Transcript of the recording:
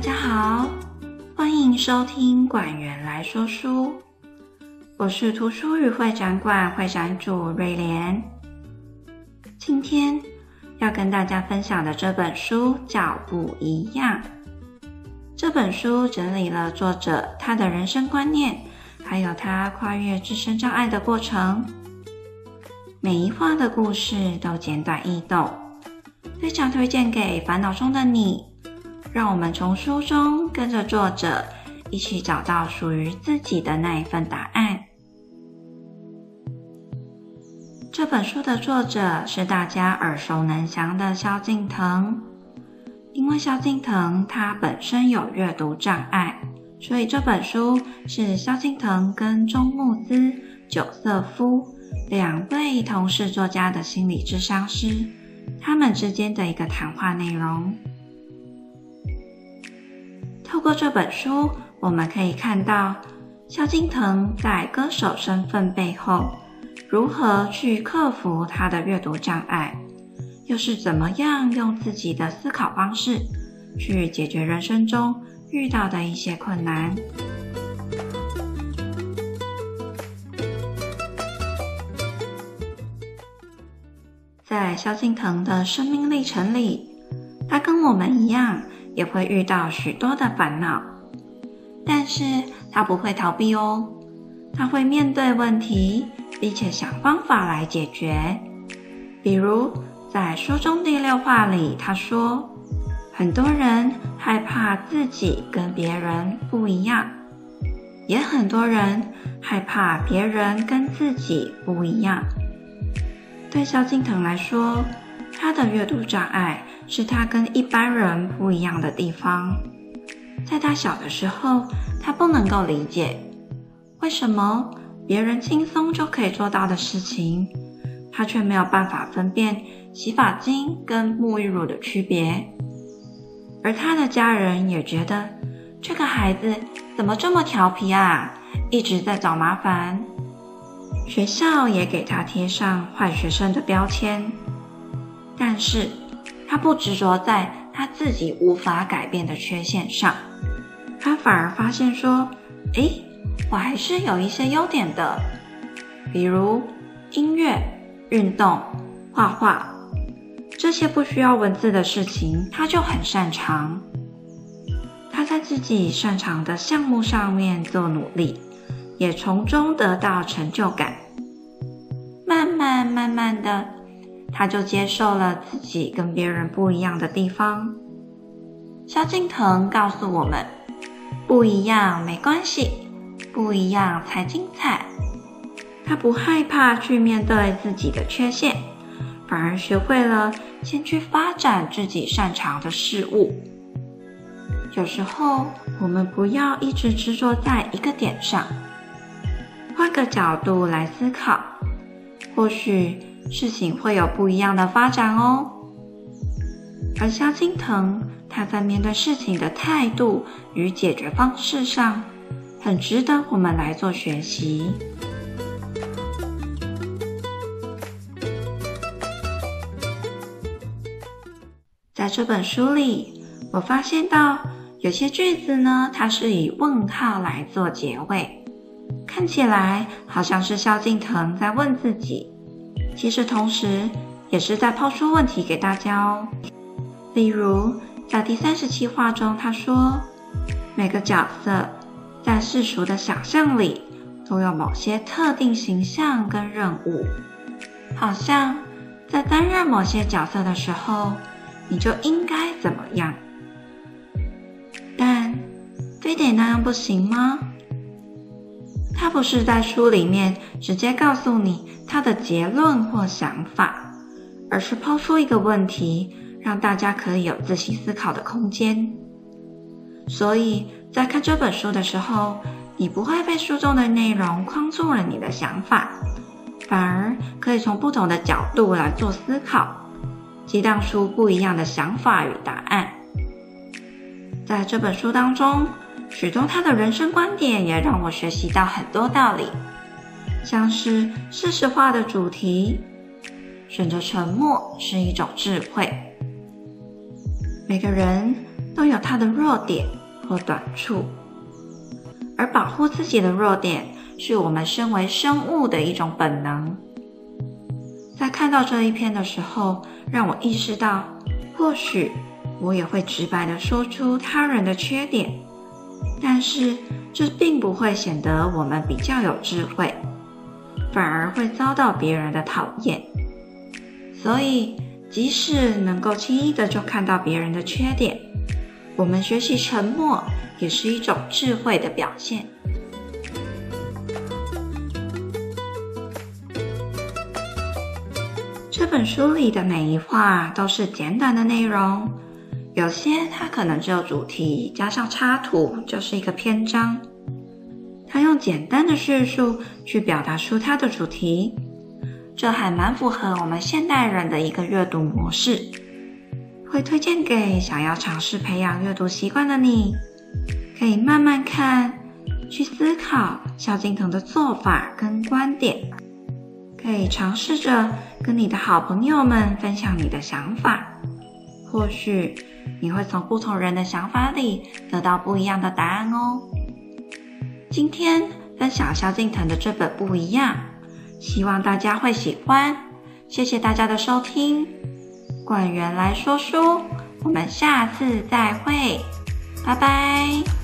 大家好，歡迎收聽館員來說書。我是圖書與會展館會展主瑞蓮。今天要跟大家分享的這本書叫《不一樣》。這本書整理了作者他的人生觀念，還有他跨越自身障礙的過程。每一畫的故事都簡短易懂，非常推薦給煩惱中的你。讓我們從書中跟着作者一起找到屬於自己的那一份答案。這本書的作者是大家耳熟能詳的蕭敬騰。因為蕭敬騰他本身有閱讀障礙，所以這本書是蕭敬騰跟鐘穆斯、九色夫兩位同是作家的心理治療師，他們之間的一個談話內容。透過這本書，我們可以看到蕭敬騰在歌手身份背後，如何去克服他的閱讀障礙，又是怎麼樣用自己的思考方式去解決人生中遇到的一些困難。在蕭敬騰的生命歷程裡，他跟我們一樣。也會遇到許多的煩惱，但是他不會逃避哦，他會面對問題，並且想方法來解決。比如在書中第六話裡，他說，很多人害怕自己跟別人不一樣，也很多人害怕別人跟自己不一樣。對蕭敬騰來說，他的閱讀障礙。是他跟一般人不一樣的地方。在他小的時候，他不能夠理解為什麼別人輕鬆就可以做到的事情，他卻沒有辦法分辨洗髮精跟沐浴乳的區別。而他的家人也覺得這個孩子怎麼這麼調皮啊，一直在找麻煩。學校也給他貼上壞學生的標籤，但是。他不執着在他自己無法改變的缺陷上，他反而發現說，誒，我還是有一些優點的，比如音樂、運動、畫畫，這些不需要文字的事情，他就很擅長。他在自己擅長的項目上面做努力，也從中得到成就感。慢慢慢慢的。他就接受了自己跟別人不一樣的地方。蕭敬騰告訴我們：“不一樣沒關係，不一樣才精彩。”他不害怕去面對自己的缺陷，反而學會了先去發展自己擅長的事物。有時候，我們不要一直執着在一個點上，換個角度來思考，或許，事情會有不一樣的發展哦。而蕭敬騰，他在面對事情的態度與解決方式上，很值得我們來做學習。在這本書裡，我發現到有些句子呢，它是以問號來做結尾，看起來好像是蕭敬騰在問自己。其實，同時也是在拋出問題給大家哦。例如，在第三十七話中，他說：“每個角色在世俗的想象裡，都有某些特定形象跟任務，好像在擔任某些角色的時候，你就應該怎麼樣？但非得那樣不行嗎？”他不是在書裡面直接告訴你他的結論或想法，而是拋出一個問題，讓大家可以有自己思考的空間。所以，在看這本書的時候，你不會被書中的內容框住了你的想法，反而可以從不同的角度來做思考，激盪出不一樣的想法與答案。在這本書當中。許多他的人生觀點也讓我學習到很多道理，像是事實化的主題，選擇沉默是一種智慧。每個人都有他的弱點和短處，而保護自己的弱點是我們身為生物的一種本能。在看到這一篇的時候，讓我意識到，或許我也會直白的說出他人的缺點。但是這並不會顯得我們比較有智慧，反而會遭到別人的討厭。所以，即使能夠輕易的就看到別人的缺點，我們學習沉默也是一種智慧的表現。這本書裡的每一話都是簡短的內容。有些它可能只有主題加上插圖就是一個篇章，它用簡單的敘述去表達出它的主題，這還蠻符合我們現代人的一個閱讀模式，會推薦給想要嘗試培養閱讀習慣的你，可以慢慢看，去思考蕭敬騰的做法跟觀點，可以嘗試着跟你的好朋友們分享你的想法，或許，你會從不同人的想法裡得到不一樣的答案哦。今天分享蕭敬騰的這本不一樣，希望大家會喜歡。謝謝大家的收聽，館員來說書，我們下次再會，拜拜。